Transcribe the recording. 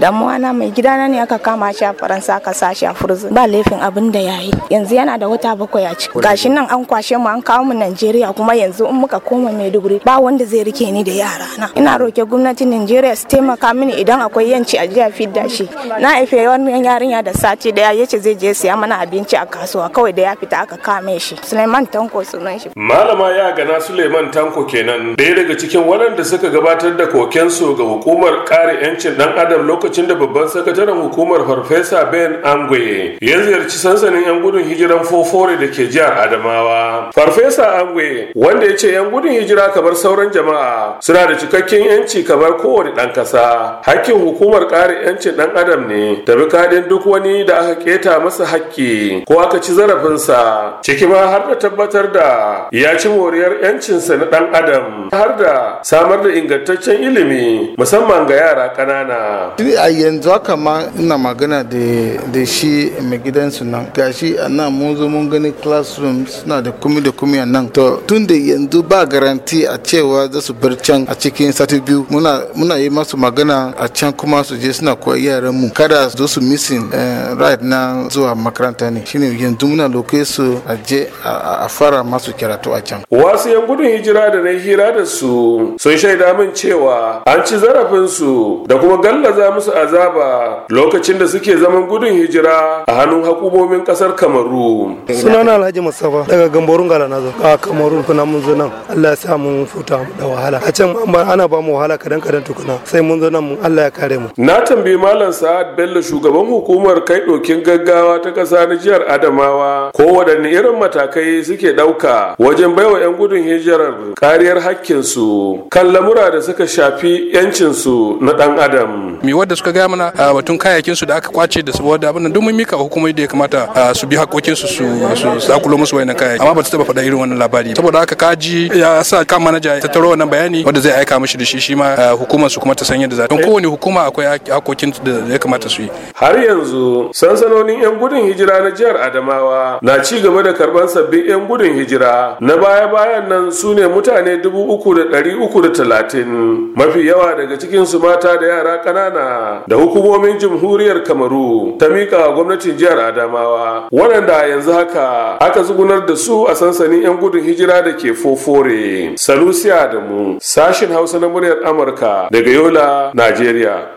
damuwa na mai gidana ne aka kama shi a faransa aka sa shi a furzin ba laifin abin da yi. yanzu yana da wata bakwai a ciki gashi nan an kwashe mu an kawo mu Najeriya kuma yanzu in muka koma Maiduguri ba wanda zai rike ni da yara na ina roke gwamnatin Najeriya su taimaka mini idan akwai yanci a jiya fidda shi na haife wannan yarinya da sati daya yace zai je siya mana abinci a kasuwa kawai da ya fita aka kame shi Suleiman Tanko sunan shi malama ya gana Suleiman Tanko kenan daya daga cikin waɗanda suka gabatar da kokensu ga hukumar kare yancin dan adam lokacin lokacin da babban sakataren hukumar farfesa ben angwe ya ziyarci sansanin yan gudun hijiran fofore da ke jihar adamawa farfesa angwe wanda ya ce yan gudun hijira kamar sauran jama'a suna da cikakken yanci kamar kowane ɗan ƙasa hakkin hukumar ƙarin yancin ɗan adam ne ta bi kaɗin duk wani da aka keta masa hakki ko aka ci zarafinsa ciki ma har da tabbatar da ya ci moriyar yancinsa na ɗan adam har da samar da ingantaccen ilimi musamman ga yara ƙanana. a yanzu haka ma ina magana da shi mai gidansu nan gashi a nan mun zo mun gani classroom suna da kumi da kumi a nan to tun da yanzu ba garanti a cewa za su bar can a cikin sati biyu muna yi masu magana a can kuma su je suna koyi yaran mu kada su su missing eh, right na zuwa makaranta ne shine yanzu muna loke su a je a fara masu karatu a can wasu yan gudun hijira da na hira da su sun shaida min cewa an ci zarafin su da kuma gallaza musu musu azaba lokacin da suke zaman gudun hijira a hannun hukumomin kasar kamaru sunana alhaji masafa daga gamborun gala na zo a kamaru kuna mun zo nan allah ya sa mun futa da wahala a can ana ba mu wahala kadan kadan tukuna sai mun zo nan mun allah ya kare mu na tambayi malam sa'ad bello shugaban hukumar kai dokin gaggawa ta kasa na jihar adamawa ko wadanne irin matakai suke dauka wajen baiwa yan gudun hijirar kariyar hakkinsu kan lamura da suka shafi yancinsu na dan adam me suka gaya mana ah, batun kayayyakin su da aka kwace da saboda abin nan duk mun mika hukumomi da ya kamata ah, su bi hakokin su su zakulo musu wayannan kayayyaki amma ba su taba faɗa irin wannan labari saboda haka kaji ya sa kan manaja ya tattaro wannan bayani wanda zai aika mishi da shi shi ma ah, hukumar su kuma ta san yadda za ta kowane hukuma akwai hakokin da ya kamata su yi har yanzu sansanonin yan gudun hijira na jihar Adamawa na ci gaba da karban sabbin yan gudun hijira na baya-bayan nan su ne mutane dubu uku da ɗari uku da talatin mafi yawa daga cikin su mata da yara ƙanana da hukumomin jamhuriyar Kamaru ta mika gwamnatin jihar Adamawa waɗanda yanzu haka aka zugunar da su a sansanin 'yan gudun hijira da ke fofore. Salusi Adamu, sashin Hausa na muryar Amurka daga Yola, Najeriya.